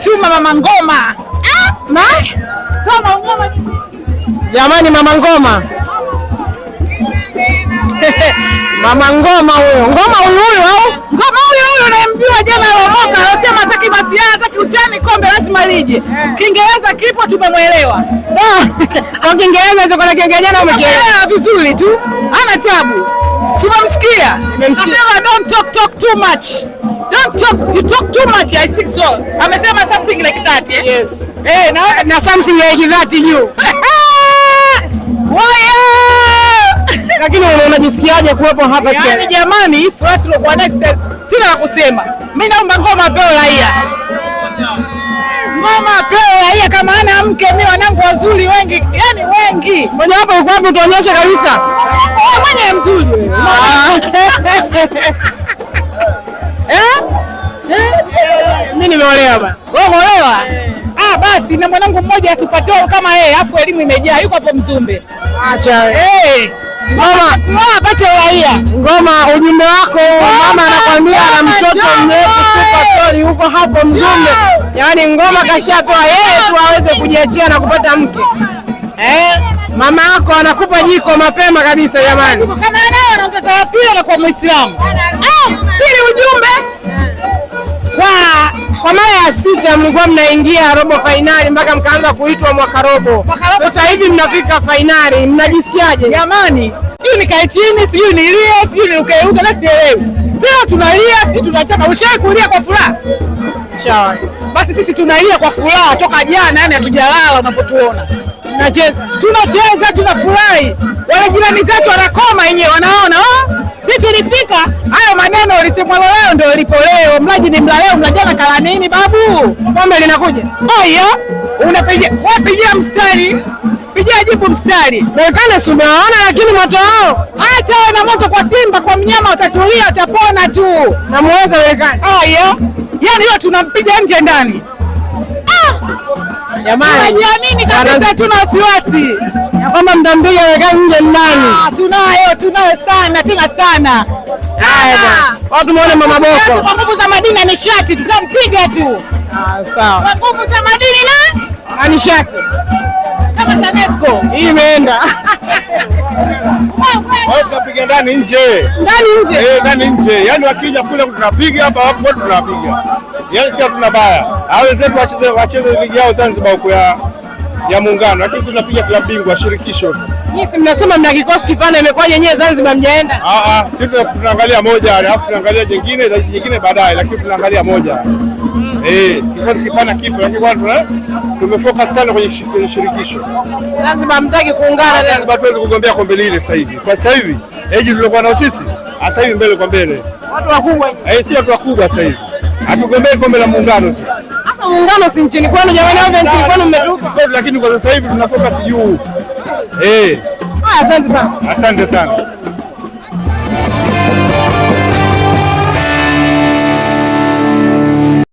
chuma mama ngoma. ma? Soma ngoma. Jamani mama ngoma. Mama ngoma huyo. Ngoma huyo huyo au? Ngoma huyo huyo unayemjua jana aliomoka, anasema hataki masiara, hataki utani, kombe lazima lije. Kiingereza kipo tumemwelewa. Ah, kwa Kiingereza hicho kuna Kiingereza jana umekielewa vizuri tu. ana tabu. Simamsikia. Nimemsikia. Don't talk talk too much. Don't talk. You talk too much. I think so. Amesema something like that, yeah? Yes. Eh, na na something like that in you. Eh? Lakini unajisikiaje kuwepo hapa sasa? Yaani jamani, furaha tulokuwa nayo sina la kusema. Mimi naomba ngoma apewe raia. Ngoma apewe raia kama ana mke, mimi wanangu wazuri wengi, yani wengi. Mwenye hapa yuko hapo tuonyeshe kabisa. Eh? Eh? Mimi nimeolewa bwana. Wewe umeolewa? Eh. Ah, basi na mwanangu mmoja asipatoe kama yeye, afu elimu imejaa, yuko hapo Mzumbe. Acha wewe. Ngoma, ngoma pate uraia. Ngoma, ujumbe wako mama anakuambia na mtoto mrefu super huko hapo Mzumbe. Yaani ngoma kashapewa yeye tu aweze kujiachia na kupata mke. Eh? Mama yako anakupa jiko mapema kabisa jamani. Kama leo anaongeza ya pili na kwa Muislamu. Eh, pili ujumbe. Kwa kwa mara ya sita mlikuwa mnaingia robo fainali mpaka mkaanza kuitwa mwaka robo. Sasa hivi mnafika fainali, mnajisikiaje? Jamani, sijui nikae chini, sijui nilie, sijui nirukeruke na sielewi. Sio tunalia, sijui tunataka. Ushawahi kulia kwa furaha? Sawa. Basi sisi tunalia kwa furaha toka jana, yani hatujalala unapotuona tunacheza, tunacheza, tunafurahi. Wale jirani zetu wanakoma yenye wanaona oh, si tulifika. Hayo maneno ulisemwa leo ndio lipo leo, mlaji ni mla leo, mlajana kala nini babu? Kombe linakuja oyo, oh, unapigia wapigia mstari pigia jibu mstari mekana sumewaona, lakini moto wao hata na moto kwa Simba kwa mnyama utatulia utapona tu, namuweza wekani oyo, oh, yani hiyo tunampiga nje ndani Tunajiamini kabisa, tuna wasiwasi ya kwamba mtampiga weka nje ndani. Ah, tunayo, tunayo sana tena sana sana. Watu muone Mama Boko kwa nguvu za madini na nishati, tutampiga tu. Ah, sawa. Kwa nguvu za madini na na nishati kama TANESCO hii imeenda tunapiga ndani nje, ndani nje, eh, ndani nje, yani wakija kule tunapiga hapa, hapo tunapiga yale yaani sisi hatuna baya, hao wenzetu wacheze wacheze ligi yao Zanzibar huko ya ya Muungano, lakini tunapiga klabu bingwa shirikisho. Nyinyi mnasema mna kikosi kipana, imekwaje nyenye Zanzibar mjaenda? Ah ah, sisi tunaangalia moja, alafu tunaangalia jingine jingine baadaye, lakini tunaangalia moja. Mm. Eh, kikosi kipana kipo, lakini bwana tuna tumefocus sana kwenye shirikisho. Zanzibar mtaki kuungana leo. Ah, Zanzibar tuweze kugombea kombe lile sasa hivi. Kwa sasa hivi, eji tulikuwa na sisi, sasa hivi mbele kwa mbele. Watu wakubwa. Eh, si watu wakubwa sasa hivi hatugombee kombe la muungano sisi. Hata muungano si nchini kwenu jamani, hapa nchini kwenu mmetupa. Lakini kwa sasa hivi tuna focus juu. Eh. Asante sana. Asante sana.